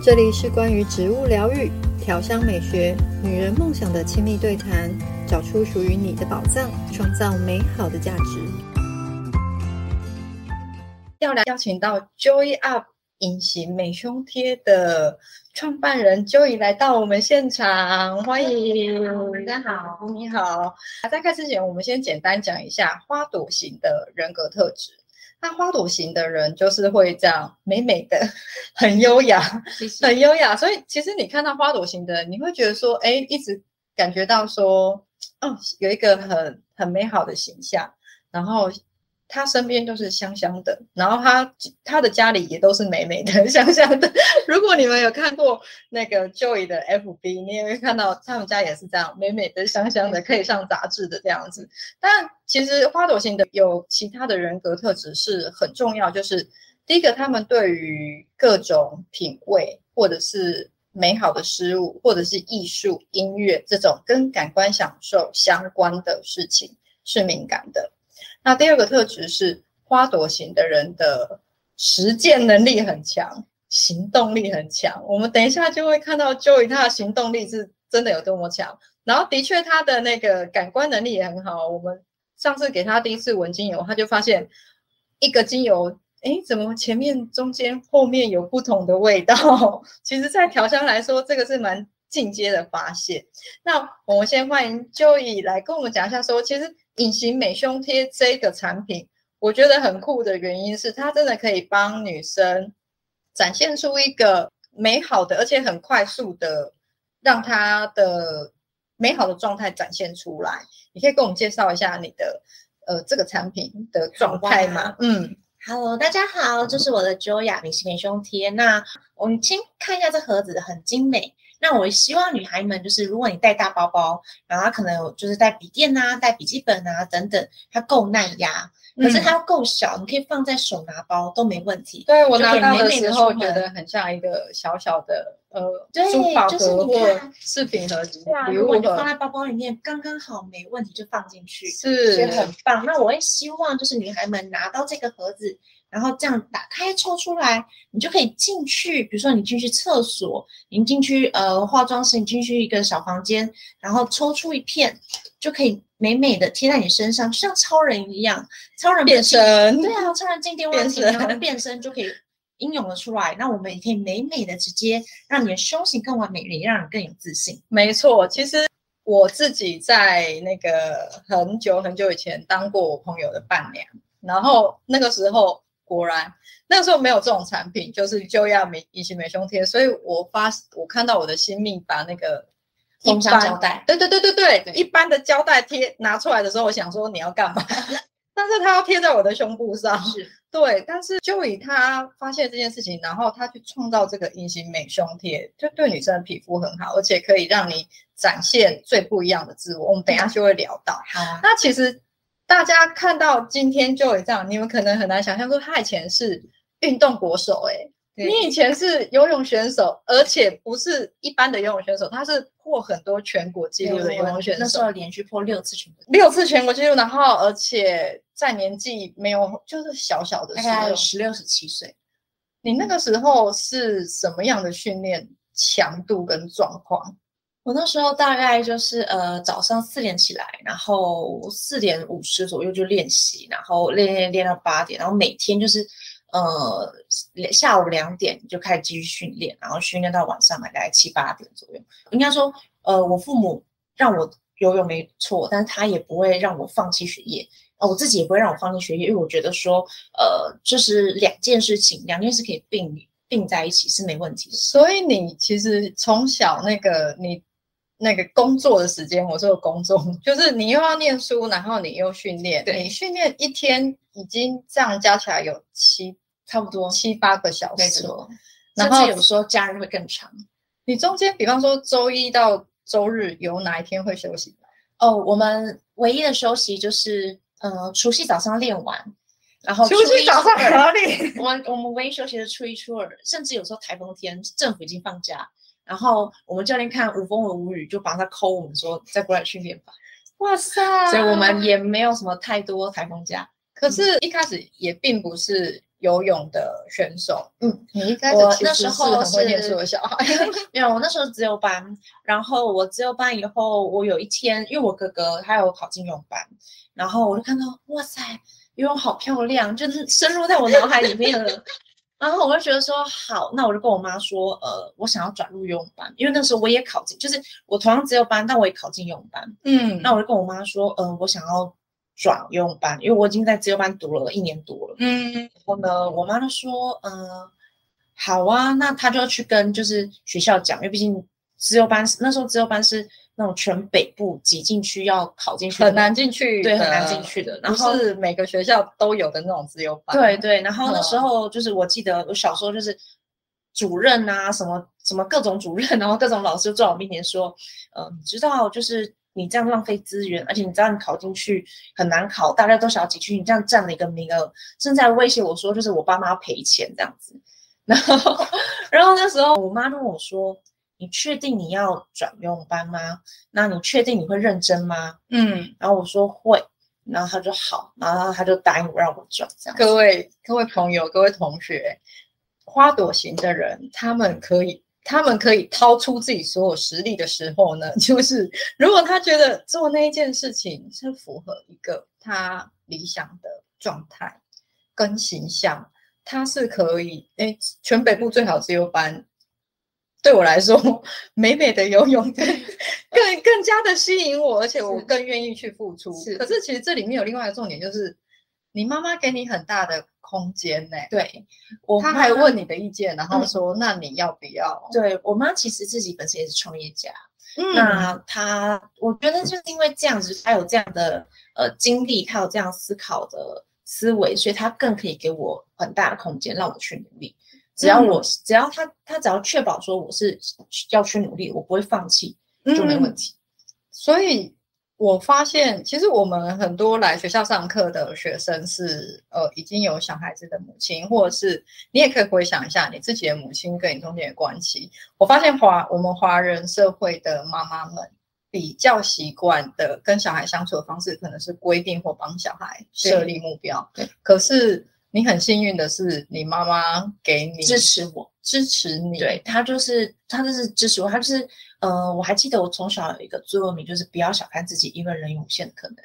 這裡是關於植物療癒、調香美學、女人夢想的親密對談，找出屬於你的寶藏，創造美好的價值。要來邀請到 Joy Up 隱形美胸貼的創辦人 Joy 來到我們現場，歡迎大家好，你好。在、啊、開始前，我們先簡單講一下花朵型的人格特質。那花朵型的人就是會這樣美美的，很優雅謝謝，很優雅。所以其實你看到花朵型的人，你會覺得說，哎，一直感覺到說，哦，有一個很很美好的形象，然後。他身邊都是香香的，然後他他的家裡也都是美美的香香的。 如果你們有看過那個 Joy 的 FB，你也會看到他們家也是這樣美美的香香的，可以上雜誌的這樣子。但其實花朵型的有其他的人格特質是很重要，就是第一個，他們對於各種品味或者是美好的事物，或者是藝術、音樂這種跟感官享受相關的事情是敏感的。那第二個特質是花朵型的人的實踐能力很強，行動力很強。我們等一下就會看到 Joy 他的行動力是真的有多麼強。然後的確他的那個感官能力也很好。我們上次給他第一次聞精油，他就發現一個精油，哎、欸，怎麼前面、中間、後面有不同的味道？其實，在調香來說，這個是蠻進階的發現。那我們先歡迎 Joy 來跟我們講一下說，說其實。隱形美胸貼這個產品，我覺得很酷的原因是，它真的可以幫女生展現出一個美好的，而且很快速的讓她的美好的狀態展現出來。你可以跟我們介紹一下你的呃這個產品的狀態嗎？Wow. 嗯哈嘍，Hello, 大家好，這、就是我的 Joy Up 隱形美胸貼。那我們先看一下這盒子，很精美。那我希望女孩們就是，如果你帶大包包，然後它可能就是帶筆電吶、啊、帶筆記本啊等等，它夠耐壓，可是它夠小，嗯、你可以放在手拿包都沒問題。對美美我拿到的時候覺得很像一個小小的呃對就是如果飾品盒、如果你，放在包包裡面剛剛好，沒問題就放進去，是所以很棒。那我也希望就是女孩們拿到這個盒子。然後這樣打開抽出來，你就可以進去。比如說，你進去廁所，你進去呃化妝室，你進去一個小房間，然後抽出一片，就可以美美的貼在你身上，就像超人一樣。超人變身，對啊，超人進電話亭，然後變身就可以英勇的出來。那我們也可以美美的直接讓你的胸型更完美，也讓你更有自信。沒錯，其實我自己在那個很久很久以前當過我朋友的伴娘，然後那個時候。果然，那時候沒有這種產品，就是 Joy 要美隱形美胸貼。所以我發，我看到我的新秘把那個封箱膠帶，對對對對對，對，一般的膠帶貼拿出來的時候，我想說你要幹嘛？但是它要貼在我的胸部上，對。但是 Joy 她發現這件事情，然後他去創造這個隱形美胸貼，就對女生的皮膚很好，而且可以讓你展現最不一樣的自我。我們等一下就會聊到。好， 那其實。大家看到今天 Joy 這樣，你們可能很難想象說他以前是運動國手哎、欸，你以前是游泳選手，而且不是一般的游泳選手，他是破很多全國紀錄的游泳選手對對對，那時候連續破六次全國紀錄，六次全國紀錄，然後而且在年紀沒有就是小小的時候，時十六十七歲，你那個時候是什麼樣的訓練強度跟狀況？我那時候大概就是呃早上四點起來，然後四點五十左右就練習，然後練練練到八點，然後每天就是呃下午兩點就開始繼續訓練，然後訓練到晚上大概七八點左右。應該說呃我父母讓我游泳沒錯，但是他也不會讓我放棄學業啊，我自己也不會讓我放棄學業，因為我覺得說呃就是兩件事情，兩件事可以併併在一起是沒問題的。所以你其實從小那個你。那個工作的時間，我說有工作就是你又要念書，然後你又訓練，對你訓練一天已經這樣加起來有七差不多七八個小時，然後有時候假日會更長。你中間比方說周一到周日有哪一天會休息？哦，oh，我們唯一的休息就是呃除夕早上練完，然後除夕早上哪裡？我們我們唯一休息的初一初二，甚至有時候台風天政府已經放假。然後我們教練看無風無雨，就把他扣我們說再過來訓練吧。哇塞！所以我們也沒有什麼太多台風假。可是、嗯、一開始也並不是游泳的選手。嗯，你一開始我那時候是，是沒有，我那時候只有班。 然後我只有班以後，我有一天，因為我哥哥他有考進泳班，然後我就看到哇塞，游泳好漂亮，是深入在我腦海裡面了。 然後我就覺得說好，那我就跟我媽說，呃，我想要轉入游泳班，因為那時候我也考進，就是我同樣資優班，但我也考進游泳班。嗯，那我就跟我媽說，嗯、呃，我想要轉游泳班，因為我已經在資優班讀了一年多了。嗯，然後呢，我媽就說，嗯、呃，好啊，那她就要去跟就是學校講，因為畢竟資優班是，那時候資優班是。那種全北部擠進去要考進去很難進去，對，對，很難進去的，然後是每個學校都有的那種資優班。對對，然後那時候就是我記得我小時候就是主任啊、嗯、什麼什麼各種主任，然後各種老師坐我面前說，嗯、呃、你知道就是你這樣浪費資源，而且你知道你考進去很難考，大家都想要擠去，你這樣佔了一個名額，正在威脅我說就是我爸媽賠錢這樣子。然後然後那時候我媽跟我說。你確定你要轉游泳班嗎？那你確定你會認真嗎？嗯，然後我說會，然後他就好，然後他就答應我讓我轉。各位各位朋友各位同學，花朵型的人，他們可以、嗯、他們可以掏出自己所有實力的時候呢，就是如果他覺得做那一件事情是符合一個他理想的狀態跟形象，他是可以哎，全北部最好資優班。對我來說，美美的游泳更更加的吸引我，而且我更願意去付出。是是可是，其實這裡面有另外一個重點，就是你媽媽給你很大的空間呢、欸。對我，她還問你的意見、嗯，然後說：“那你要不要？”對，我媽其實自己本身也是創業家、嗯。那她，我覺得就是因為這樣子，她有這樣的呃經歷，她有這樣思考的思維，所以她更可以給我很大的空間，讓我去努力。只要我、嗯、只要他他只要確保說我是要去努力，我不會放棄就沒問題、嗯。所以我發現，其實我們很多來學校上課的學生是呃已經有小孩子的母親，或者是你也可以回想一下你自己的母親跟你中間的關係。我發現華我們華人社會的媽媽們比較習慣的跟小孩相處的方式，可能是規定或幫小孩設立目標。是。可是。你很幸運的是，你媽媽給你支持我，支持你。對，她就是，她就是支持我。她就是，呃，我還記得我從小有一個座右銘，就是不要小看自己，一個人無限的可能。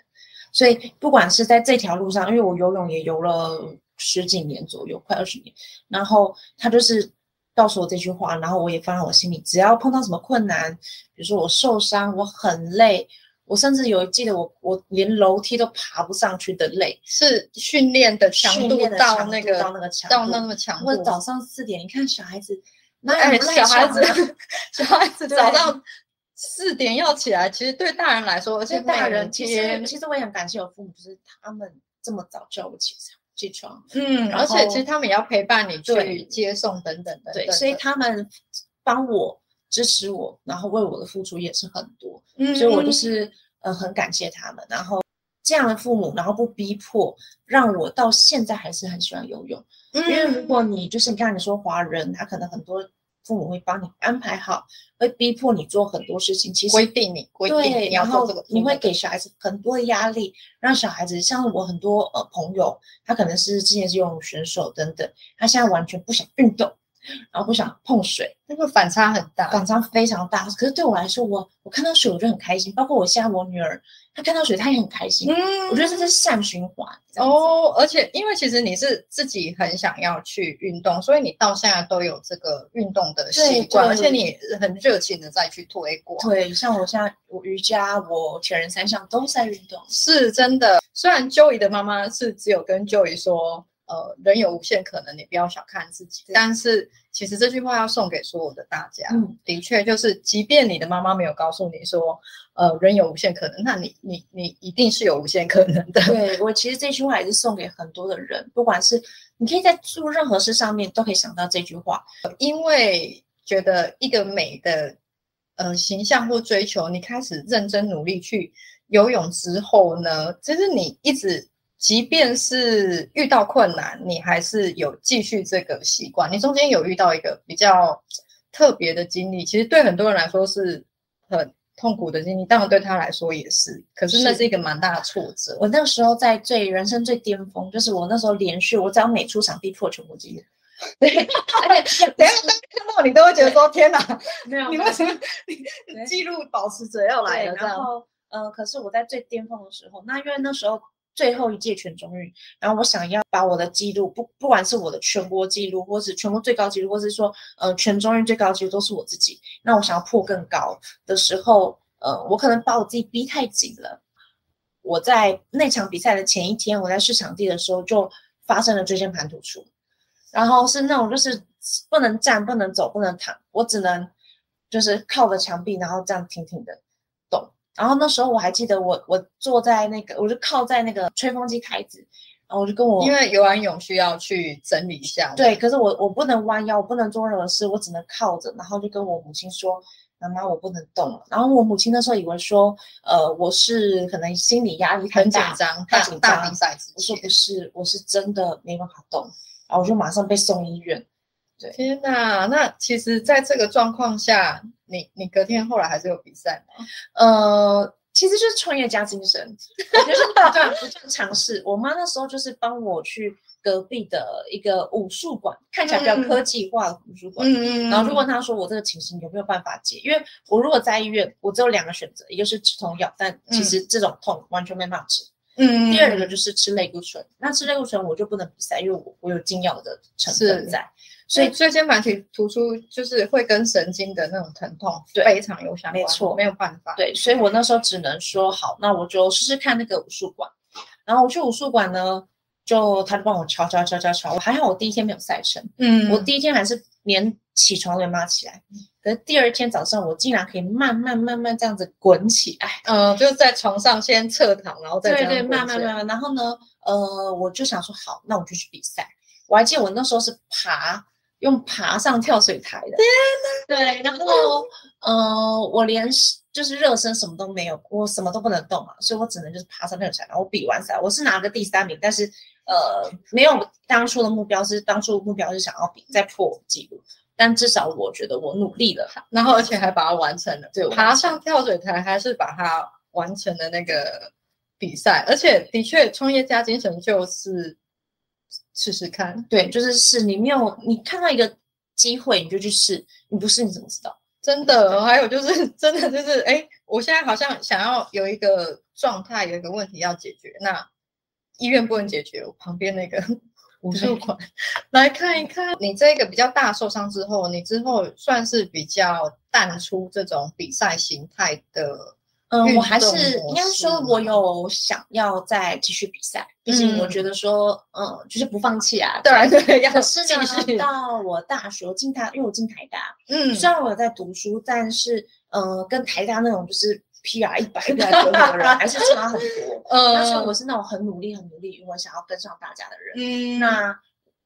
所以不管是在這條路上，因為我游泳也游了十幾年左右，快二十年。然後他就是告訴我這句話，然後我也放在我心裡。只要碰到什麼困難，比如說我受傷，我很累。我甚至有記得我我連樓梯都爬不上去的累，是訓練的強度到那個到那個強，到那個強。或者早上四點，你看小孩子，那、啊哎、小孩子， 小孩子早上四點要起來，其實對大人來說，而且大人其實、嗯、其實我也很感謝我父母，就是他們這麼早叫我起床起床。嗯，而且其實他們也要陪伴你去接送等等的，嗯、對對所以他們幫我。支持我，然後為我的付出也是很多，嗯、mm -hmm.，所以我就是呃很感謝他們。然後這樣的父母，然後不逼迫，讓我到現在還是很喜歡游泳。嗯、mm -hmm.，因為如果你就是你看你說華人，他可能很多父母會幫你安排好，會逼迫你做很多事情，其實規定你規定你，你然後你會給小孩子很多壓力，讓小孩子像我很多呃朋友，他可能是之前是游泳選手等等，他現在完全不想運動。然後不想碰水，那個反差很大，反差非常大。可是對我來說，我我看到水，我就很開心。包括我現在，我女兒她看到水，她也很開心。嗯，我覺得這是善循環。嗯、哦。而且，因為其實你是自己很想要去運動，所以你到現在都有這個運動的習慣，而且你很熱情的再去推廣。對，像我現在我瑜伽，我鐵人三項都在運動，是真的。雖然 Joy 的媽媽是只有跟 Joy 說。呃，人有無限可能，你不要小看自己。但是其實這句話要送給所有的大家。嗯，的確就是，即便你的媽媽沒有告訴你說，呃，人有無限可能，那你你你一定是有無限可能的。對，我其實這句話也是送給很多的人，不管是你可以在做任何事上面都可以想到這句話，因為覺得一個美的呃形象或追求，你開始認真努力去游泳之後呢，就是你一直。即便是遇到困難，你還是有繼續這個習慣。你中間有遇到一個比較特別的經歷，其實對很多人來說是很痛苦的經歷，但我對他來說也是。可是那是一個蠻大的挫折。我那時候在最人生最巔峰，就是我那時候連續我只要每出場必破全國紀錄。對、 哎，等一下剛 看到你都會覺得說 天哪，你為什麼你記錄保持者要來了？然後嗯、呃，可是我在最巔峰的時候，那因為那時候。最後一屆全中運，然後我想要把我的記錄，不不管是我的全國紀錄，或是全國最高紀錄，或是說，呃，全中運最高紀錄都是我自己。那我想要破更高的時候，呃，我可能把我自己逼太緊了。我在那場比賽的前一天，我在試場地的時候就發生了椎間盤突出，然後是那種就是不能站、不能走、不能躺，我只能就是靠着牆壁，然後這樣挺挺的。然後那時候我還記得我，我我坐在那個，我就靠在那個吹風機台子，然後我就跟我因為游完泳需要去整理一下。對，可是我我不能彎腰，我不能做任何事，我只能靠着，然後就跟我母親說：“媽媽，我不能動了。嗯”然後我母親那時候以為說：“呃，我是可能心理壓力太緊張很緊張，太緊張，大比賽。”我說：“不是，我是真的沒辦法動。”然後我就馬上被送醫院。對，天吶，那其實在這個狀況下，你你隔天後來還是有比賽嗎？呃，其實就是創業家精神， 就是不斷不斷嘗試。 我媽那時候就是幫我去隔壁的一個武術館，看起來比較科技化的武術館，嗯嗯，然後就問她說：“我這個情形有沒有辦法解、嗯？因為我如果在醫院，我只有兩個選擇，一個是止痛藥，但其實這種痛完全沒辦法治。嗯，第二個就是吃類固醇、嗯，那吃類固醇我就不能比賽，因為我我有禁藥的成分在。”所以椎間盤體突出就是會跟神經的那種疼痛，對，非常有相關，沒錯，沒有辦法。對，所以我那時候只能說好，那我就試試看那個武術館。然後我去武術館呢，就他就幫我敲敲敲敲敲。還好我第一天沒有賽程，嗯，我第一天還是連起床連麻起來。可是第二天早上，我竟然可以慢慢慢慢這樣子滾起來，嗯，就在床上先側躺，然後再這樣滾起來，對對，慢慢慢慢。然後呢，呃，我就想說好，那我就去比賽。我還記得我那時候是爬。用爬上跳水台的，對啊，對，然後呃，我連就是熱身什麼都沒有，我什麼都不能動啊，所以我只能就是爬上跳水台，然後比完賽，我是拿個第三名，但是呃，沒有當初的目標是，是當初目標是想要比再破紀錄，但至少我覺得我努力了，然後而且還把它完成了，對，爬上跳水台還是把它完成了那個比賽，而且的確，創業家精神就是。試試看，對，就是試。你沒有，你看到一個機會，你就去試。你不試你怎麼知道？真的，還有就是真的就是，哎，我現在好像想要有一個狀態，有一個問題要解決。那醫院不能解決，我旁邊那個武術館來看一看。 你這個比較大受傷之後，你之後算是比較淡出這種比賽形態的。嗯、呃，我還是應該說，我有想要再繼續比賽，嗯、畢竟我覺得說，嗯、呃，就是不放棄啊。對對，要、就是你到我大學進台，因為我進台大，嗯，雖然我在讀書，但是，呃跟台大那種就是 PR 一百的，還是差很多。呃、嗯，但是我是那種很努力、很努力，因為我想要跟上大家的人。嗯，那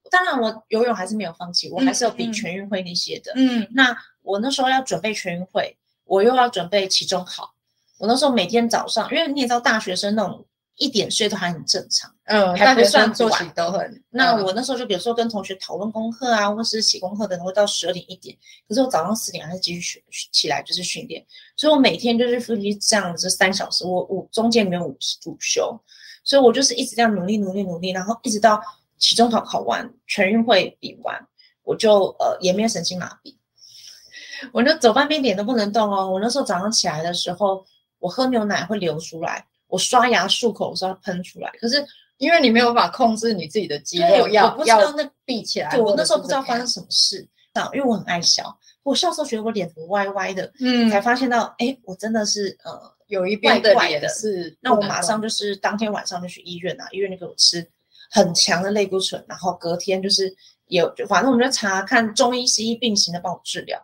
當然，我游泳還是沒有放棄，我還是有比全運會那些的。嗯，嗯，那我那時候要準備全運會，我又要準備期中考。我那時候每天早上，因為你也知道，大學生那種一點睡都還很正常，嗯，大學生作息都很。那我那時候就比如說跟同學討論功課啊，或是寫功課的，然後到十二點一點。可是我早上四點還是繼續學起來，就是訓練。所以我每天就是複習這樣子三小時，我我中間沒有午午休，所以我就是一直這樣努力努力努力，然後一直到期中考考完，全運會比完，我就呃顏面神經麻痹，我就走半邊臉都不能動哦。我那時候早上起來的時候。我喝牛奶會流出來，我刷牙漱口是要噴出來，可是因為你沒有辦法控制你自己的肌肉，嗯，我不知道那閉起來對。我那時候不知道發生什麼事，啊，因為我很愛笑，我笑時候覺得我臉歪歪的，嗯，才發現到，哎，我真的是呃有一邊的，是壞的，是，那我馬上就是當天晚上就去醫院啊，醫院就給我吃很強的類固醇，然後隔天就是有，反正我們就查看中醫西醫並行的幫我治療，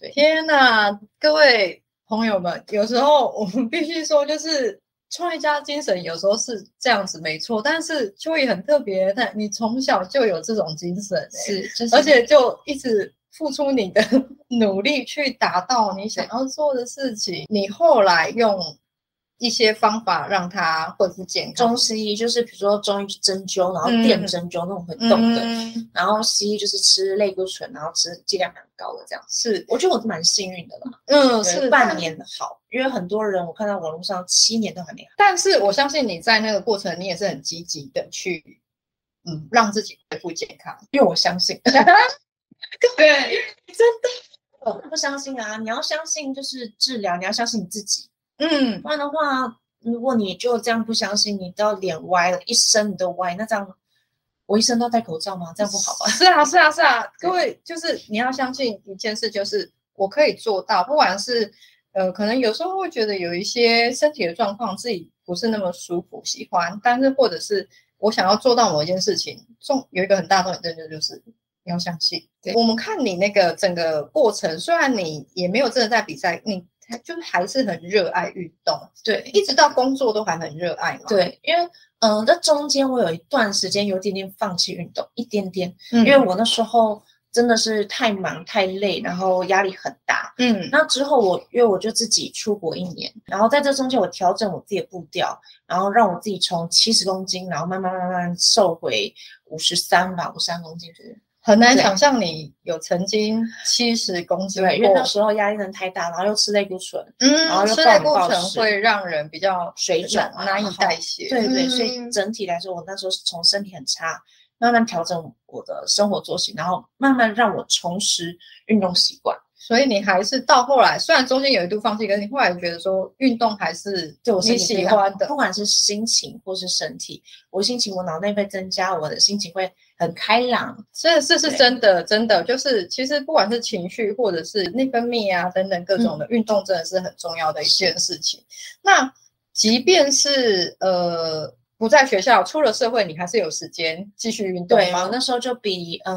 對，天哪，各位，朋友們，有時候我們必須說，就是創業家精神有時候是這樣子，沒錯。但是 Joy 很特別，但你從小就有這種精神、欸，是，就是，而且就一直付出你的努力去達到你想要做的事情。Okay. 你後來用。一些方法讓他或者是健康，中西醫，就是比如說中醫針灸，然後電針灸、嗯、那種會動的、嗯，然後西醫就是吃類固醇，然後吃劑量蠻高的這樣。是，我覺得我是蠻幸運的了。嗯，是半年好，因為很多人我看到網絡上七年都很厲害。但是我相信你在那個過程，你也是很積極的去，嗯，讓自己恢復健康。因為我相信， 對，真的，我不相信啊！你要相信，就是治療，你要相信你自己。嗯，不然的話，如果你就這樣不相信，你都要臉歪了，一生你都歪。那這樣，我一生都戴口罩嗎？這樣不好吧？是啊，是啊，是啊。各位，就是你要相信一件事，就是我可以做到。不管是呃，可能有時候會覺得有一些身體的狀況自己不是那麼舒服，喜歡，但是或者是我想要做到某一件事情，重有一個很大的點，就是就是你要相信對對。我們看你那個整個過程，雖然你也沒有真的在比賽，你。就還是很熱愛運動，對，一直到工作都還很熱愛嘛。對，因為嗯、呃，在中間我有一段時間有點點放棄運動，一點點，嗯、因為我那時候真的是太忙太累，然後壓力很大。嗯，那之後我因為我就自己出國一年，然後在這中間我調整我自己的步調，然後讓我自己從七十公斤，然後慢慢慢慢瘦回五十三吧，五十三公斤左右、就是。很難想象你有曾經七十公斤，因為那時候壓力真的太大，然後又吃類固醇，嗯，然後吃類固醇會讓人比較水腫，啊，難以代謝。對對，嗯，所以整體來說，我那時候是從身體很差，慢慢調整我的生活作息，然後慢慢讓我重拾運動習慣，嗯。所以你還是到後來，雖然中間有一度放棄，可是你後來覺得說運動還是喜歡的。對，我是喜歡的，不管是心情或是身體，我心情我腦內啡增加，我的心情會。很開朗，這這是真的，真的就是其實不管是情緒或者是內分泌啊等等各種的運動，真的是很重要的一件事情。嗯、那即便是呃不在學校，出了社會，你還是有時間繼續運動對對嗎？那時候就比呃，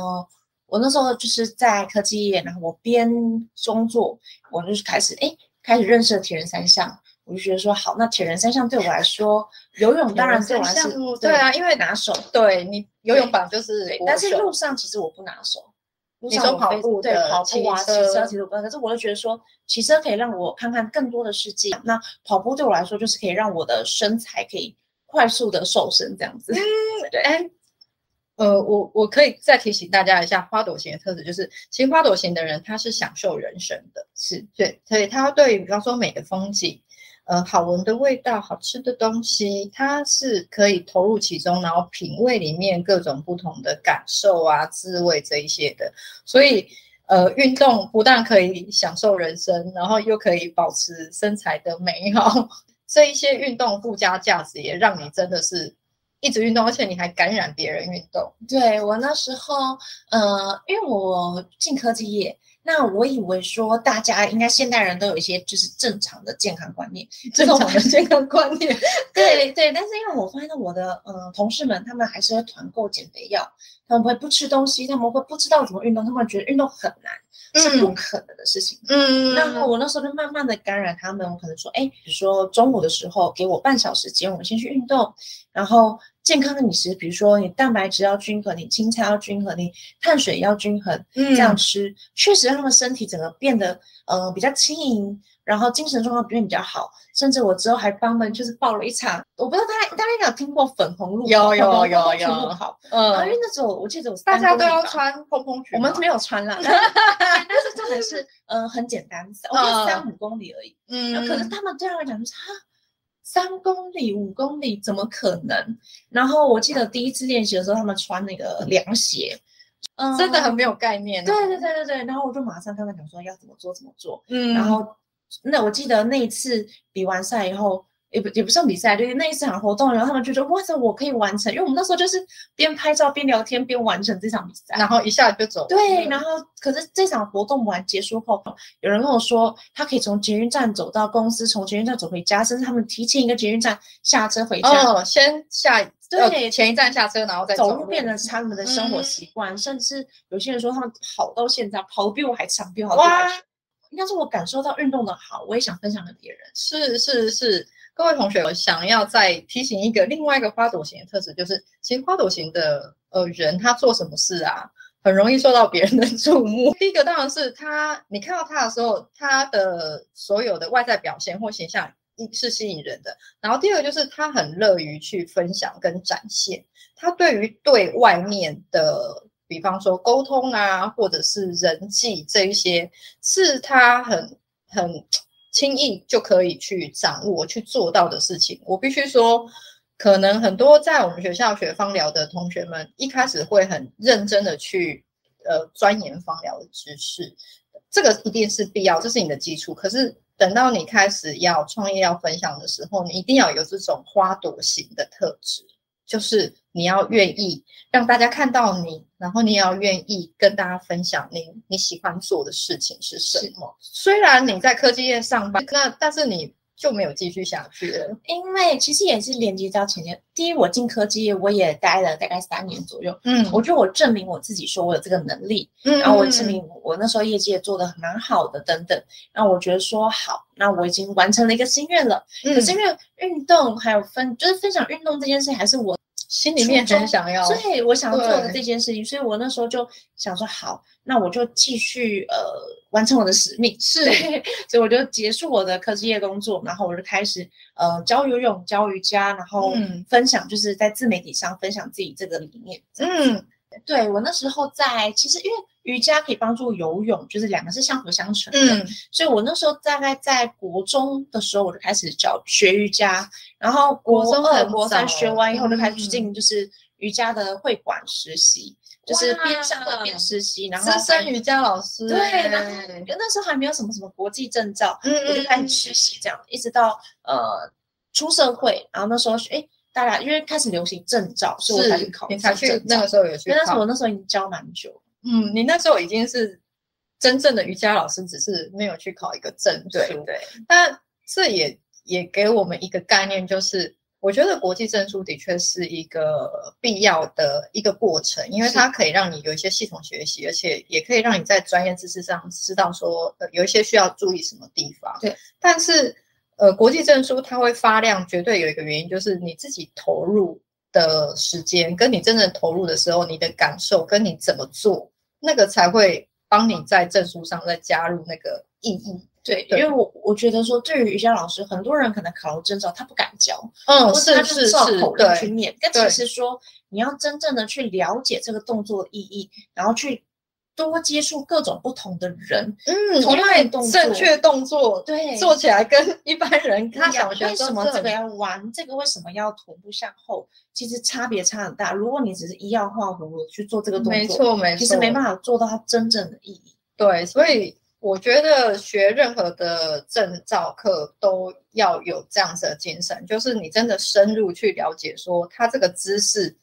我那時候就是在科技業，然後我邊工作，我就是開始哎開始認識了鐵人三項。我就覺得說好，那鐵人三項對， 對我來說，游泳當然最完對啊對，因為拿手。對你游泳榜就是，但是路上其實我不拿手。路上你走跑步對，對跑步啊，騎車騎路可是我就覺得說，騎車可以讓我看看更多的世界。那跑步對我來說就是可以讓我的身材可以快速的瘦身這樣子。嗯，對。嗯、欸。呃，我我可以再提醒大家一下，花朵型的特質就是，其實花朵型的人他是享受人生的，是對，所以他對於比方說美的風景。呃，好聞的味道，好吃的東西，它是可以投入其中，然後品味裡面各種不同的感受啊、滋味這一些的。所以，呃，運動不但可以享受人生，然後又可以保持身材的美好， 這一些運動附加價值也讓你真的是一直運動，而且你還感染別人運動。對，我那時候，呃，因為我進科技業。那我以為說大家應該現代人都有一些就是正常的健康觀念，正常的健康觀念。 對對，對，但是因為我發現我的嗯、呃、同事們，他們還是會團購減肥藥，他們會不吃東西，他們會不知道怎麼運動，他們覺得運動很難，嗯、是不可能的事情。嗯，那我那時候就慢慢的感染他們，我可能說，哎，比如說中午的時候給我半小時時間，我先去運動，然後。健康的飲食，比如說你蛋白質要均衡，你青菜要均衡，你碳水要均衡，嗯、這樣吃確實讓他們身體整個變得呃比較輕盈，然後精神狀況比對比較好。甚至我之後還幫他們就是報了一場，我不知道大家大家有沒有聽過粉紅路跑有有有有。很好、嗯。嗯，因為那時候我記得我大家都要穿蓬蓬裙，我們沒有穿啦，但、 哎、是真的是嗯很簡單，三、嗯、三五公里而已，嗯，可能他們對我來講就是哈。三公里、五公里，怎麼可能？然後我記得第一次練習的時候，他們穿那個涼鞋，嗯，真的很沒有概念。對對對對對。然後我就馬上跟他講說要怎麼做怎麼做。嗯。然後，那我記得那一次比完賽以後。也不也不算比賽，就是那一場活動，然後他們就說哇塞，我可以完成，因為我們那時候就是邊拍照邊聊天邊完成這場比賽，然後一下就走。對，嗯、然後可是這場活動完結束後，有人跟我說他可以從捷運站走到公司，從捷運站走回家，甚至他們提前一個捷運站下車回家，哦，先下對、哦、前一站下車，然後再走，走路，變成他們的生活習慣，嗯、甚至有些人說他們跑到現在跑比我還長，比我好。哇，但是我感受到運動的好，我也想分享給別人。是是是。是各位同學，我想要再提醒一個另外一個花朵型的特質，就是其實花朵型的呃人，他做什麼事啊，很容易受到別人的注目。第一個當然是他，你看到他的時候，他的所有的外在表現或形象是吸引人的。然後第二個就是他很樂於去分享跟展現，他對於對外面的，比方說溝通啊，或者是人際這一些，是他很很。輕易就可以去掌握、去做到的事情，我必須說，可能很多在我們學校學芳療的同學們，一開始會很認真的去呃鑽研芳療的知識，這個一定是必要，這是你的基礎。可是等到你開始要創業、要分享的時候，你一定要有這種花朵型的特質。就是你要願意讓大家看到你，然後你也要願意跟大家分享你你喜歡做的事情是什麼。雖然你在科技業上班，嗯、那但是你。就沒有繼續下去了，因為其實也是連接到前天。第一，我進科技我也待了大概三年左右。嗯，我覺得我證明我自己，說我有這個能力，嗯，然後我證明我那時候業績也做得蠻好的，等等。那我覺得說好，那我已經完成了一個心願了。嗯，可是因為運動還有分，就是分享運動這件事，還是我，心裡面很想要，啊，對，所以我想要做的這件事情，所以我那時候就想說，好，那我就繼續呃完成我的使命，是，所以我就結束我的科技業工作，然後我就開始呃教游泳、教瑜伽，然後分享、嗯、就是在自媒體上分享自己這個理念。嗯，對，我那時候在，其實因為。瑜伽可以幫助游泳，就是兩個是相輔相成的，嗯。所以我那時候大概在國中的時候，我就開始教學瑜伽。然後國、國中國三學完以後，就開始進就是瑜伽的會館實習，嗯，就是邊上課邊實習。然後資深瑜伽老師。對，哎、那，因為那時候還沒有什麼什麼國際證照，嗯，我就開始實習這樣，嗯，這樣，嗯，一直到呃出社會。然後那時候哎，大家因為開始流行證照，所以我才去考證證。你那個時候有去考？因為那時候我那時候已經教蠻久。嗯，你那時候已經是真正的瑜伽老師，只是沒有去考一個證書。對，那這也也給我們一個概念，就是我覺得國際證書的確是一個必要的一個過程，因為它可以讓你有一些系統學習，而且也可以讓你在專業知識上知道說、呃、有一些需要注意什麼地方。對，但是呃，國際證書它會發亮，絕對有一個原因就是你自己投入的時間，跟你真正投入的時候，你的感受，跟你怎麼做。那個才會幫你在證書上再加入那個意義、嗯，對，因為我我覺得說，對於瑜伽老師，很多人可能考了證之後，他不敢教，嗯，或是，他就照口令是是是，對，去念。但其實說，你要真正的去了解這個動作的意義，然後去。多接觸各種不同的人，嗯，同樣正確動作，對，做起來跟一般人他想，學什麼怎麼樣玩。這個為什麼要臀部向後、嗯？其實差別差很大。如果你只是依樣畫葫蘆去做這個動作，沒錯，沒錯，其實沒辦法做到它真正的意義。對，所以我覺得學任何的證照課都要有這樣子的精神，就是你真的深入去了解，說他這個姿勢。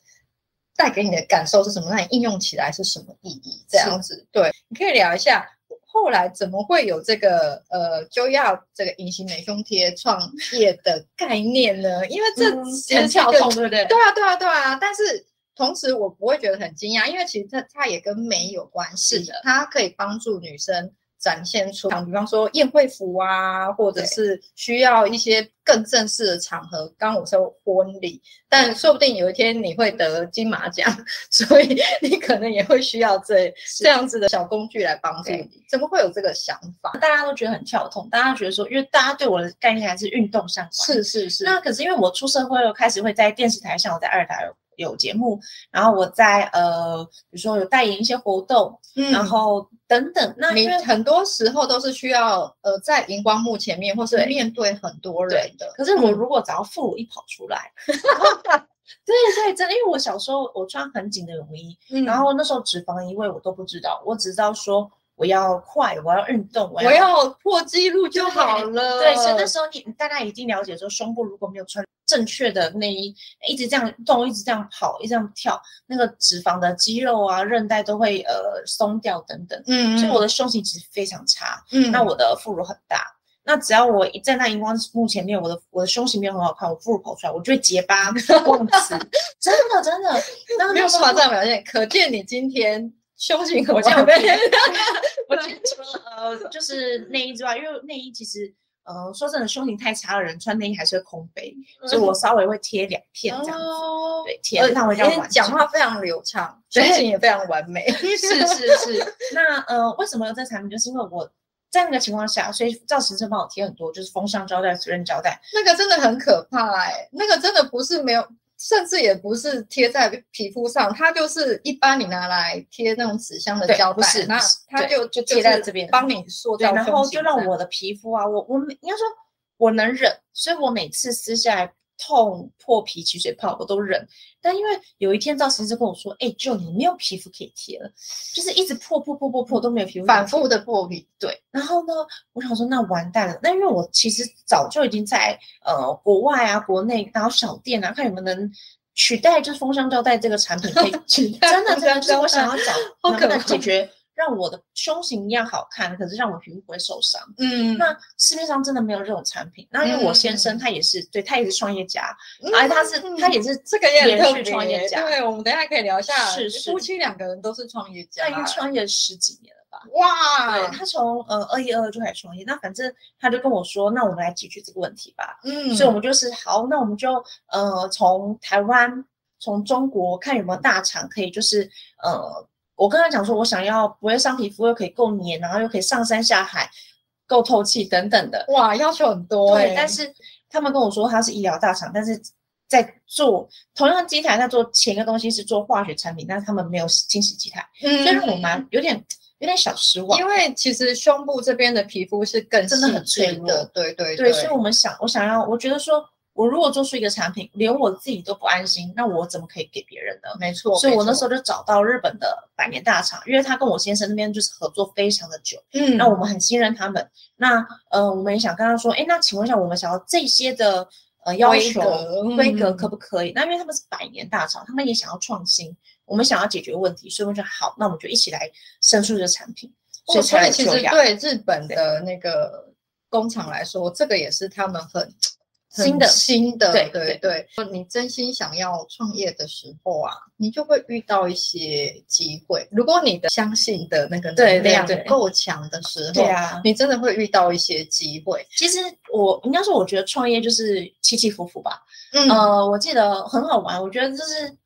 帶給你的感受是什麼？讓你應用起來是什麼意義？這樣子，對，你可以聊一下後來怎麼會有這個呃，就要這個隱形美胸貼創業的概念呢？因為這、， 嗯這這個，很巧，對不對？對啊，對啊，對啊，對啊！但是同時我不會覺得很驚訝，因為其實它它也跟美有關係，是的，它可以幫助女生。展現出，比方說宴會服啊，或者是需要一些更正式的場合。剛剛我說婚禮，但說不定有一天你會得金馬獎，所以你可能也會需要這這樣子的小工具來幫助你。怎麼會有這個想法？大家都覺得很跳痛，大家都覺得說，因為大家對我的概念還是運動相關。是是是。那可是因為我出社會又開始會在電視臺上，我在二台又。有節目，然後我在呃，比如說有代言一些活動、嗯，然後等等，那你很多時候都是需要呃在熒光幕前面或是面對很多人的。可是我如果只要副乳一跑出來，嗯、 對對，真的，因為我小時候我穿很緊的泳衣，嗯、然後那時候脂肪移位我都不知道，我只知道說我要快，我要運動，我要，我要破紀錄就好了對。對，所以那時候你大概已經了解說胸部如果沒有穿。正確的內衣一,一直這樣動，一直這樣跑，一直這樣跳，那個脂肪的肌肉啊、韌帶都會呃鬆掉等等。嗯，所以我的胸型其實非常差。嗯，那我的副乳很大。那只要我在那熒光幕前面，我的我的胸型沒有很好看，我副乳跑出來，我就會結巴。哇， 真的真的，那沒有辦法這樣表現。 可見你今天胸型 我這樣背，我 呃就是內衣之外，因為內衣其實。呃，說真的，胸型太差的人穿內衣還是會空杯、嗯，所以我稍微會貼兩片這樣子。哦，對，貼兩片。今天講話非常流暢，胸型也非常完美。是是是。是是 那呃，為什麼有這產品？就是因為我在那個情況下，所以趙先生幫我貼很多，就是封箱膠帶、主任膠帶。那個真的很可怕哎、欸，那個真的不是沒有。甚至也不是貼在皮膚上，它就是一般你拿來貼那種紙箱的膠帶，不是？那它就就貼在這邊，幫你做，然後就讓我的皮膚啊，我我應該說我能忍，所以我每次撕下來。痛，破皮起水泡我都忍，但因為有一天趙先生跟我說：“哎、欸、就你沒有皮膚可以貼了，就是一直破破破破破都沒有皮膚，反復的破皮。”對，然後呢，我想說那完蛋了。但因為我其實早就已經在呃國外啊、國內然後小店啊，看有沒有能取代，就是封箱膠帶這個產品 可以取代真的真的，我想要找可 能，能解決。讓我的胸型一樣好看，可是讓我皮膚不會受傷。嗯，那市面上真的沒有這種產品。那、嗯、因為我先生他也是，嗯、對他也是創業家，而、嗯、他是、嗯、他也是這個也很特別、也是創業家。對，我們等一下可以聊一下。是，是夫妻兩個人都是創業家，他已經創業十幾年了吧？哇，他從呃2122就開始創業。那反正他就跟我說，那我們來解決這個問題吧。嗯，所以我們就是好，那我們就呃從台灣、從中國看有沒有大廠可以，就是呃。我跟他講說，我想要不會傷皮膚，又可以夠黏，然後又可以上山下海，夠透氣等等的。哇，要求很多欸。對，但是他們跟我說他是醫療大廠，但是在做同樣的機台，在做前一個東西是做化學產品，但是他們沒有清洗機台，所以讓我蠻有點有點小失望。因為其實胸部這邊的皮膚是更細細的，真的很脆弱，對對對，對，對，所以我們想我想要，我覺得說。我如果做出一個產品，連我自己都不安心，那我怎麼可以給別人呢？沒錯，所以我那時候就找到日本的百年大廠，因為他跟我先生那邊就是合作非常的久，嗯，那我們很信任他們。那，呃，我們也想跟他說，哎，那請問一下，我們想要這些的呃要求規格，嗯，規格可不可以？那因為他們是百年大廠，他們也想要創新，我們想要解決問題，所以問說好，那我們就一起來生出這產品，哦，所以其實對日本的那個工廠來說，這個也是他們很。的新的新的對對對，對，你真心想要創業的時候啊，你就會遇到一些機會。如果你的相信的那個能量對對對夠強的時候，啊，你真的會遇到一些機會。其實我應該說，我覺得創業就是起起伏伏吧。嗯、呃，我記得很好玩，我覺得就是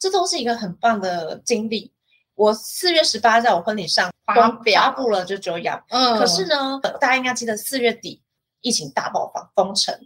這都是一個很棒的經歷。我四月十八在我婚禮上發發布了就 Joy Up，嗯，可是呢，大家應該記得四月底疫情大爆發，封城。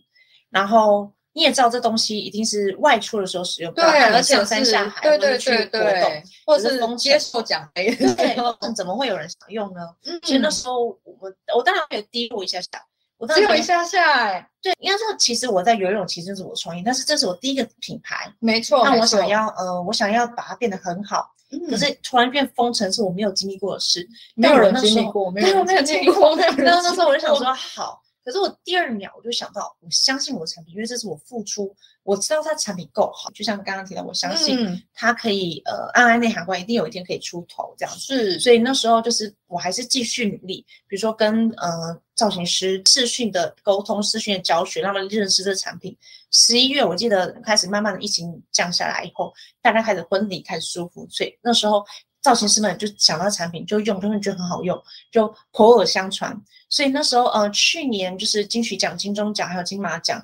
然後你也知道這東西一定是外出的時候使用，對，而且是下海或去活動，或者是封接受獎盃， 怎麼會有人想用呢？所、嗯、以那時候我我當然也低落一下下，我低落一下下，欸，對，應該說其實我在游泳，其實是我創業，但是這是我第一個品牌，沒錯。那我想要呃，我想要把它變得很好，嗯，可是突然變封城是我沒有經歷過的事，沒有人經歷過，沒有人經歷過，沒有人經歷過，對，沒有經歷過，那那時候我就想說好。可是我第二秒我就想到，我相信我的產品，因為這是我付出，我知道它的產品夠好。就像剛剛提到，我相信它可以，嗯、呃，暗暗內含光，一定有一天可以出頭這樣。是，所以那時候就是我還是繼續努力，比如說跟呃造型師視訊的溝通，視訊的教學，讓他們認識這產品。十一月我記得開始慢慢的疫情降下來以後，大家開始婚禮開始舒服，所以那時候。造型師們就想到產品就用，就覺得很好用，就口耳相傳。所以那時候，呃，去年就是金曲獎、金鐘獎還有金馬獎，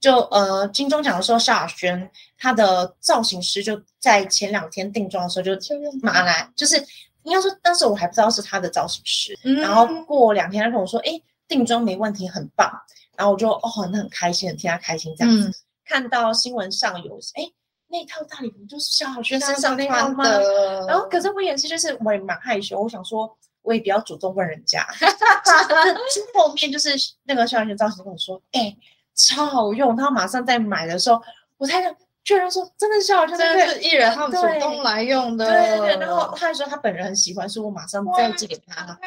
就呃金鐘獎的時候，蕭亞軒她的造型師就在前兩天定妝的時候就拿來、嗯，就是應該說當時我還不知道是他的造型師，嗯、然後過兩天他跟我說，哎、欸，定妝沒問題，很棒。然後我就哦，那很開心，很替他開心這樣子。嗯、看到新聞上有哎。欸那套大禮服就是蕭亞軒身上那一套嗎？ 然後可是我演戲就是我也蠻害羞，我想說我也比較主動問人家。哈哈哈後面就是那個蕭亞軒造型跟我說，哎、欸，超好用，他馬上在買的時候，我才想確認說，真的蕭亞軒、這個、是蕭亞軒真的是藝人，他們主動來用的對。對，然後他還說他本人很喜歡，所以我馬上再寄給他。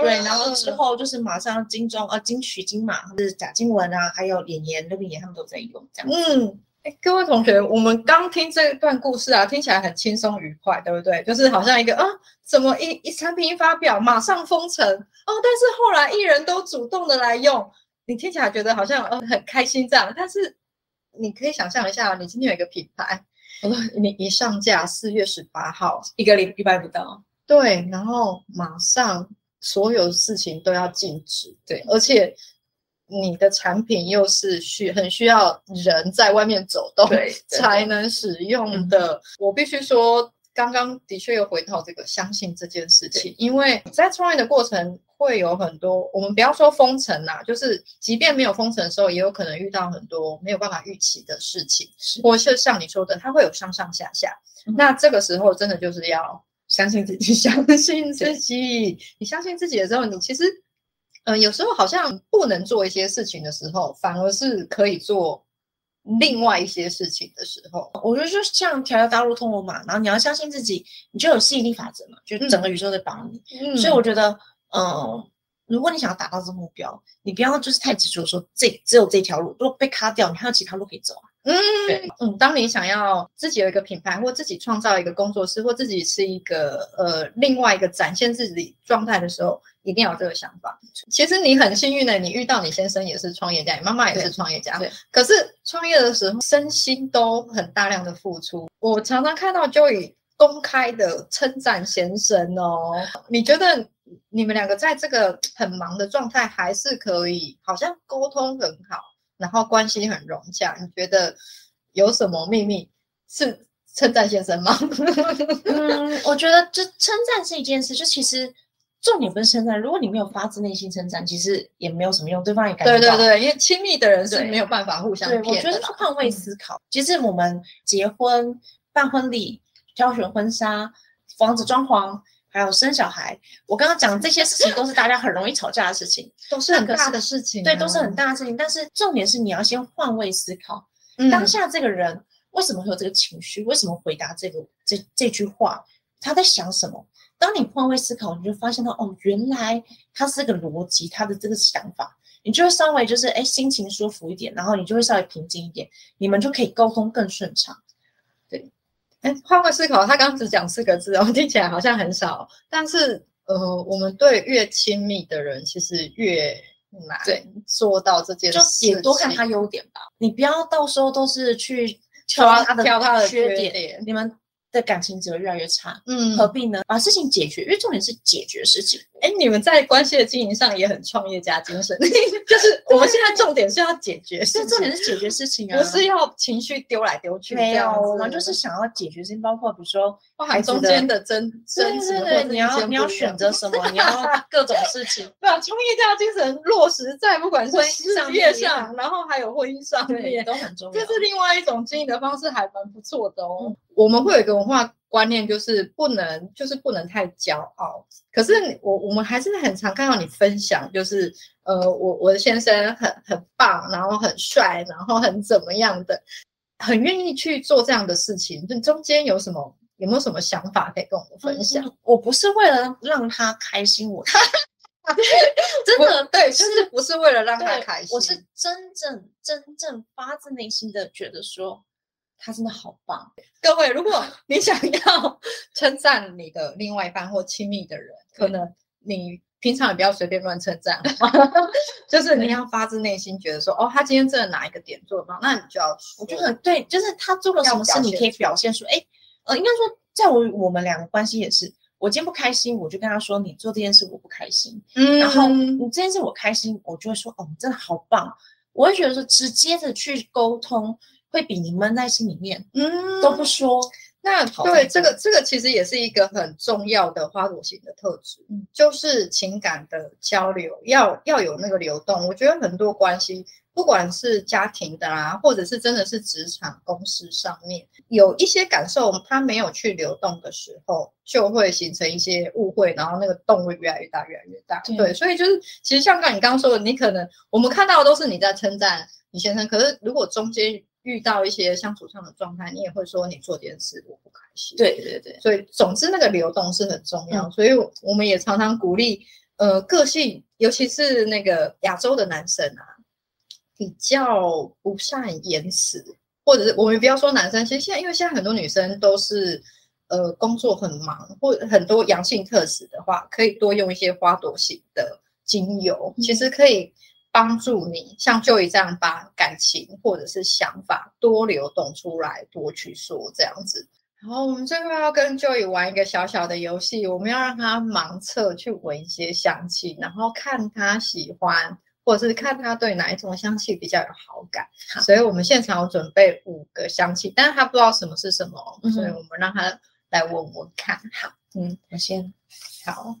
對，然後之後就是馬上精裝啊，金曲金馬，是賈靜雯啊，還有臉顏那個顏他們都在用，這樣。嗯。各位同學，我們剛聽這段故事啊，聽起來很輕鬆愉快，對不對？就是好像一個啊、哦，怎麼一一產品一發表，馬上封城哦。但是後來藝人都主動的來用，你聽起來覺得好像呃、哦、很開心這樣。但是你可以想象一下，你今天有一個品牌，我你一上架，四月十八號，一個禮拜不到，對，然後馬上所有事情都要禁止，對，而且。你的產品又是需很需要人在外面走動才能使用的，嗯、我必須說，剛剛的確又回到這個相信這件事情，因為在創業的過程會有很多，我們不要說封城啦、啊，就是即便沒有封城的時候，也有可能遇到很多沒有辦法預期的事情，或是我像你說的，它會有上上下下、嗯。那這個時候真的就是要相信自己，相信自己。你相信自己的時候，你其實。嗯、呃，有時候好像不能做一些事情的時候，反而是可以做另外一些事情的時候。嗯、我覺得就像條條大路通羅馬，然後你要相信自己，你就有吸引力法則嘛，就整個宇宙在幫你。嗯、所以我覺得，嗯、呃，如果你想要達到這個目標，你不要就是太執着說這只有這條路，如果被卡掉，你還有其他路可以走啊。嗯，嗯，當你想要自己有一個品牌，或自己創造一個工作室，或自己是一個呃另外一個展現自己狀態的時候。一定要有這個想法。其實你很幸運的，你遇到你先生也是創業家，你媽媽也是創業家。可是創業的時候，身心都很大量的付出。我常常看到 Joy 公開的稱讚先生哦。嗯，你覺得你們兩個在這個很忙的狀態，還是可以好像溝通很好，然後關係很融洽？你覺得有什麼秘密是稱讚先生嗎？ 嗯，我覺得就稱讚是一件事，就其實。重點不是稱讚，如果你沒有發自內心稱讚，其實也沒有什麼用，對方也感覺不到。對對對，因為親密的人是沒有辦法互相騙的對對。我覺得是換位思考。嗯、其實我們結婚、辦婚禮、挑選婚紗、房子裝潢、嗯，還有生小孩，我剛剛講這些事情都是大家很容易吵架的事情， 都是很大的事情、啊。對，都是很大的事情。但是重點是你要先換位思考，嗯、當下這個人為什麼會有這個情緒？為什麼回答這個這這句話？他在想什麼？當你換位思考，你就發現到哦，原來他是個邏輯，他的這個想法，你就會稍微就是哎，心情舒服一點，然後你就會稍微平靜一點，你們就可以溝通更順暢。對，哎，換位思考，他剛剛只講四個字哦，我聽起來好像很少，但是呃，我們對越親密的人，其實越難、嗯啊、對做到這件事情，就也多看他優點吧，你不要到時候都是去挑他的缺點，挑他的缺點你們。感情只會越來越差，嗯，何必呢？把事情解決，因為重點是解決事情。哎、欸，你們在關係的經營上也很創業家精神， 就是我們現在重點是要解決，是 重點是解決事情啊，不是要情緒丟來丟去的。沒有，我們就是想要解決，包括比如說包含中間的爭爭執，你要你要選擇什麼， 你要各種事情。對啊，創業家精神落實在不管是事業上，然後還有婚姻上面也都很重要，這、就是另外一種經營的方式，還蠻不錯的哦。嗯我們會有一個文化觀念，就是不能，就是不能太驕傲。可是我我們還是很常看到你分享，就是呃，我我的先生很很棒，然後很帥，然後很怎麼樣的，很願意去做這樣的事情。就中間有什麼，有沒有什麼想法可以跟我們分享？嗯，我不是為了讓他開心我 的，我他真的對，就是，就是不是為了讓他開心，我是真正真正發自內心的覺得說。他真的好棒，各位，如果你想要稱讚你的另外一半或親密的人，可能你平常也不要隨便亂稱讚， 就是你要發自內心覺得說， 哦，他今天真的哪一個點做到，那你就要說我覺得對，對，就是他做了什麼事，你可以表現出，哎，呃，應該說，在我我們兩個關係也是，我今天不開心，我就跟他說，你做這件事我不開心，嗯，然後你這件事我開心，我就會說，哦，你真的好棒，我會覺得說，直接的去溝通。會比你悶在心裡面，嗯，都不說，嗯、那對，這個這個其實也是一個很重要的花朵型的特質、嗯，就是情感的交流要要有那個流動。嗯、我覺得很多關係，不管是家庭的啦、啊，或者是真的是職場、公司上面，有一些感受，它沒有去流動的時候，就會形成一些誤會，然後那個洞會越來越大，越來越大。對，對所以就是其實像剛剛你剛剛說的，你可能我們看到的都是你在稱讚你先生，可是如果中間遇到一些相處上的狀態，你也會說，你做這件事我不開心。對，對對對，所以總之那個流動是很重要，嗯、所以我們也常常鼓勵，呃，個性尤其是那個亞洲的男生啊，比較不善言辭，或者是我們不要說男生，其實現在因為現在很多女生都是呃工作很忙，或很多陽性特質的話，可以多用一些花朵型的精油，嗯、其實可以。幫助你像 Joy 這樣把感情或者是想法多流動出來，多去說這樣子。然後我們最後要跟 Joy 玩一個小小的遊戲，我們要讓他盲測去聞一些香氣，然後看他喜歡，或者是看他對哪一種香氣比較有好感。好，所以我們現場有準備五個香氣，但是他不知道什麼是什麼，嗯、所以我們讓他來聞聞看。好，嗯，我先好。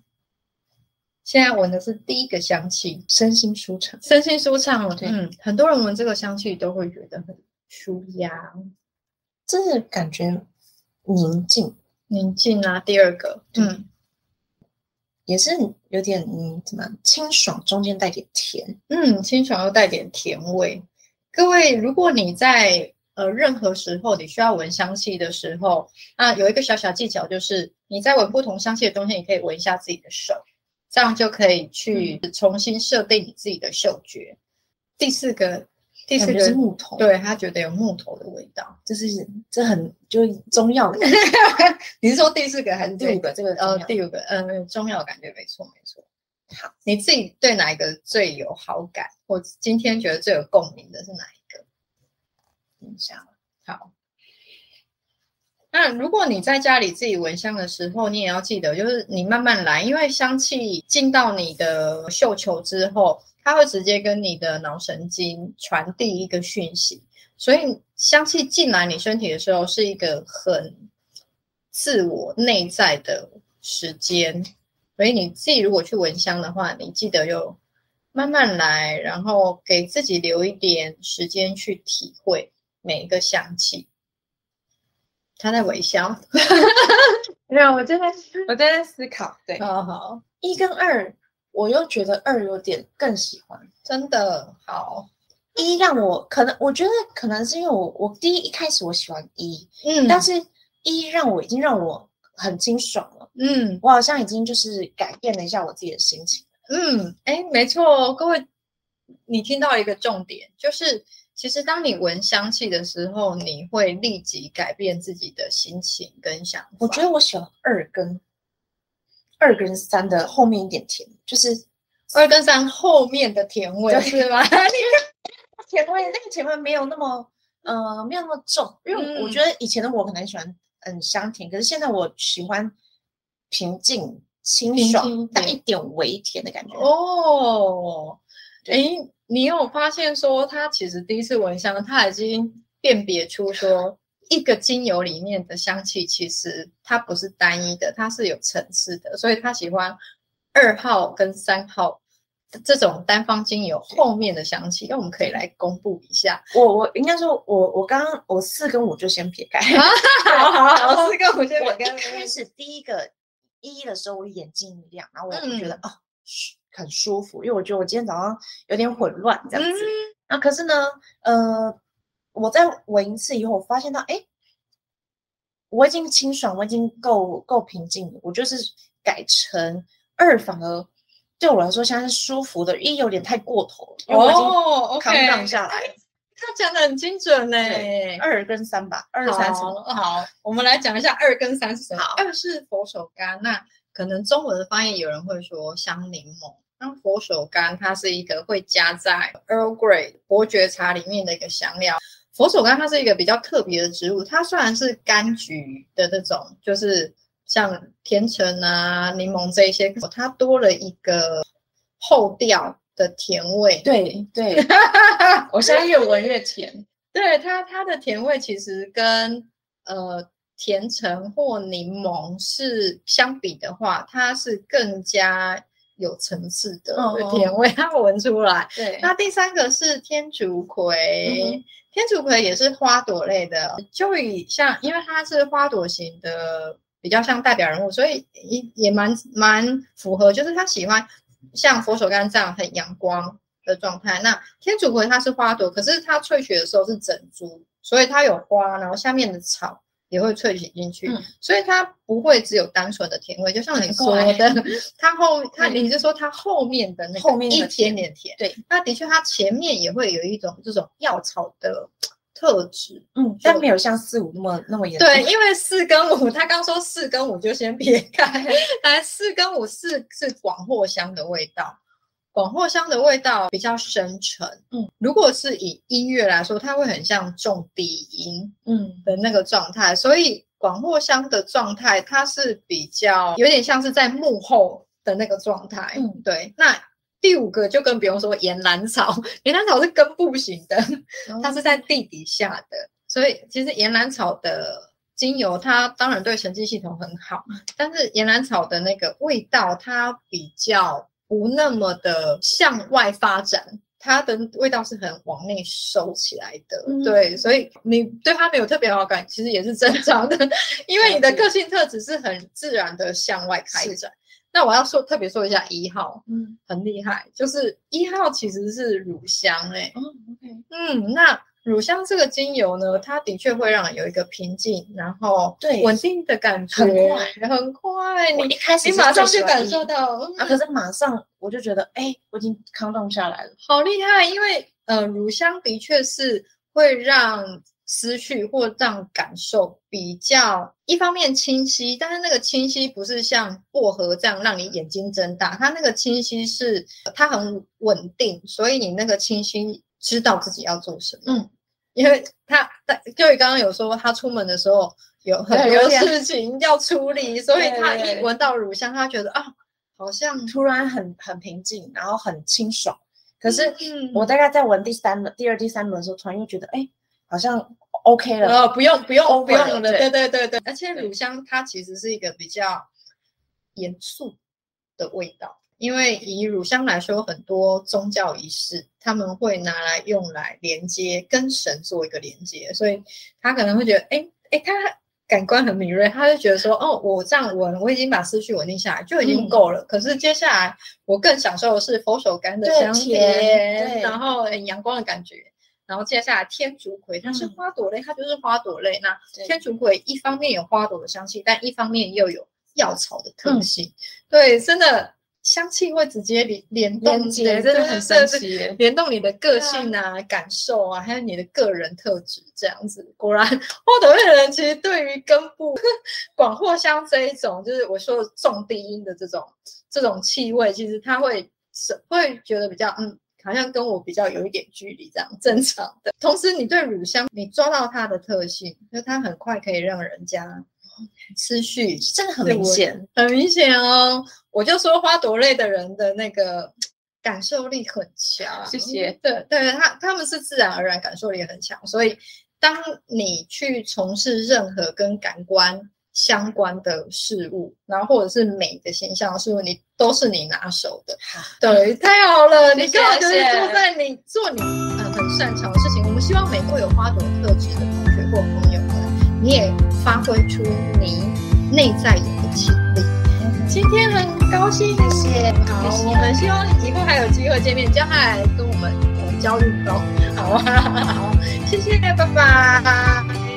現在聞的是第一個香氣，身心舒暢，身心舒暢。對，嗯，很多人聞這個香氣都會覺得很舒壓，就是感覺寧靜，寧靜啊。第二個，嗯，嗯也是有點嗯，怎麼，清爽，中間帶點甜，嗯，清爽又帶點甜味。各位，如果你在呃任何時候你需要聞香氣的時候，那，啊，有一個小小技巧就是，你在聞不同香氣的東西，你可以聞一下自己的手。這樣就可以去重新設定你自己的嗅覺。嗯、第四個，第四個木頭，對他覺得有木頭的味道，這是這很就是中藥。 你是說第四個還是第五個？這個呃、哦、第五個，嗯、呃，中藥感覺沒錯沒錯。好，你自己對哪一個最有好感？我今天覺得最有共鳴的是哪一個？你想好。那如果你在家裡自己聞香的時候，你也要記得，就是你慢慢來，因為香氣進到你的嗅球之後，它會直接跟你的腦神經傳遞一個訊息，所以香氣進來你身體的時候是一個很自我內在的時間，所以你自己如果去聞香的話，你記得要慢慢來，然後給自己留一點時間去體會每一個香氣。他在微笑， 沒有，我正在，我正在思考。對，哦，好，一跟二，我又覺得二有點更喜歡，真的好。一讓我可能，我覺得可能是因為我，我第一一開始我喜歡一，嗯，但是，一讓我已經讓我很清爽了，嗯，我好像已經就是改變了一下我自己的心情，嗯，哎，沒錯，各位，你聽到一個重點就是。其實，當你聞香氣的時候，你會立即改變自己的心情跟想法。我覺得我喜歡二跟二跟三的後面一點甜，就是二跟三後面的甜味，就是吧 甜味，那個甜味沒有那麼呃，沒有那麼重。因為我覺得以前的我可能喜歡很香甜，嗯、可是現在我喜歡平靜、清爽，帶一點微甜的感覺。哦，哎。欸你有發現說，他其實第一次聞香，他已經辨別出說，一個精油裡面的香氣其實它不是單一的，它是有層次的，所以他喜歡二號跟三號這種單方精油後面的香氣。那我們可以來公布一下，我我應該說我我剛剛我四跟五就先撇開，四跟五先撇開。我剛開始第一個一的時候，我眼睛一亮，然後我就覺得、嗯、哦、噓。很舒服，因為我覺得我今天早上有點混亂這樣子。那、嗯啊、可是呢，呃，我再聞一次以後，我發現到，哎，我已經清爽，我已經夠夠平靜了。我就是改成二，反而對我來說現在是舒服的。一有點太過頭了，哦，已扛下來、哦 okay。他講的很精準，哎，二跟三吧，二三好。好，我們來講一下二跟三是什麼。二是佛手柑，那可能中文的翻譯有人會說香檸檬。當佛手柑，它是一個會加在 Earl Grey 伯爵茶裡面的一個香料。佛手柑它是一個比較特別的植物，它雖然是柑橘的這種，就是像甜橙啊、檸檬這一些，它多了一個後調的甜味、嗯。對對，對， 我現在越聞越甜。對它，它的甜味其實跟呃甜橙或檸檬是相比的話，它是更加。有層次的，哦，有甜味，它會聞出來。對，那第三個是天竺葵，嗯，天竺葵也是花朵類的。就以像，因為它是花朵型的，比較像代表人物，所以也也蠻蠻符合，就是它喜歡像佛手柑這樣很陽光的狀態。那天竺葵它是花朵，可是它萃取的時候是整株，所以它有花，然後下面的草，也會萃取進去，嗯，所以它不會只有單純的甜味，就像你說的，它後它、嗯、你是說它後面的那個甜甜後面一點點甜，對，那的確它前面也會有一種這種藥草的特質，嗯，但沒有像四五那麼那麼嚴重。對，因為四跟五，他剛剛說四跟五就先撇開，來四跟五四是是廣藿香的味道。廣藿香的味道比較深沉，嗯，如果是以音樂來說，它會很像重低音，嗯的那個狀態。嗯、所以廣藿香的狀態，它是比較有點像是在幕後的那個狀態，嗯，對。那第五個就更不用說岩蘭草，岩蘭草是根部型的、嗯，它是在地底下的，所以其實岩蘭草的精油，它當然對神經系統很好，但是岩蘭草的那個味道，它比較。不那麼的向外發展，它的味道是很往內收起來的。嗯，對，所以你對它沒有特別好感，其實也是正常的，因為你的個性特質是很自然的向外開展。那我要說特別說一下一號，嗯，很厲害，就是一號其實是乳香哎、欸，哦 okay，嗯，那。乳香這個精油呢，它的確會讓你有一個平靜，然後穩定的感覺，很快很快，你一開始你，你馬上就感受到、嗯、啊，可是馬上我就覺得，哎，我已經 calm down 下來了，好厲害，因為呃，乳香的確是會讓思緒或讓感受比較一方面清晰，但是那個清晰不是像薄荷這樣讓你眼睛睜大，它那個清晰是它很穩定，所以你那個清晰知道自己要做什麼。嗯因為他，就你剛剛有說，他出門的時候有很多事情要處理，所以他一聞到乳香，他覺得啊、哦，好像突然很很平靜，然後很清爽。嗯、可是我大概在聞第三輪、嗯、第二、第三輪的時候，突然又覺得，哎，好像 OK 了啊、哦，不用、不用、okay, 不用了。Okay, 不用了 okay, 對對對對，而且乳香它其實是一個比較嚴肅的味道。因為以乳香來說，很多宗教儀式他們會拿來用來連接跟神做一個連接，所以他可能會覺得，哎哎，他感官很敏銳，他就覺得說，哦，我這樣聞、嗯，我已經把思緒穩定下來就已經夠了、嗯。可是接下來我更享受的是佛手柑的香甜，就是、然後很陽光的感覺，然後接下來天竺葵，它、嗯、是花朵類，它就是花朵類。那天竺葵一方面有花朵的香氣，但一方面又有藥草的特性。嗯、對，真的。香氣會直接聯聯動，連接真的很神奇，聯動你的個性啊，啊、感受啊，還有你的個人特質這樣子。果然，花朵的人其實對於根部廣藿香這一種，就是我說的重低音的這種這種氣味，其實他會是會覺得比較嗯，好像跟我比較有一點距離這樣，正常的。同時，你對乳香，你抓到它的特性，就它很快可以讓人家。思緒真的很明顯，明顯，很明顯哦。我就說花朵類的人的那個感受力很強。謝謝。對對，他他們是自然而然感受力很強，所以當你去從事任何跟感官相關的事物，然後或者是美的形象的事物，你都是你拿手的。對、嗯，太好了。謝謝你根本就是做在你謝謝做你嗯很，很擅長的事情。我們希望每一個有花朵特質的同學或朋友，你也發揮出你內在的潛力，嗯。今天很高興，謝謝，好，好，我們希望以後還有機會見面，將來跟我們交流溝通，好啊，好好好好，好，謝謝，拜拜。拜拜。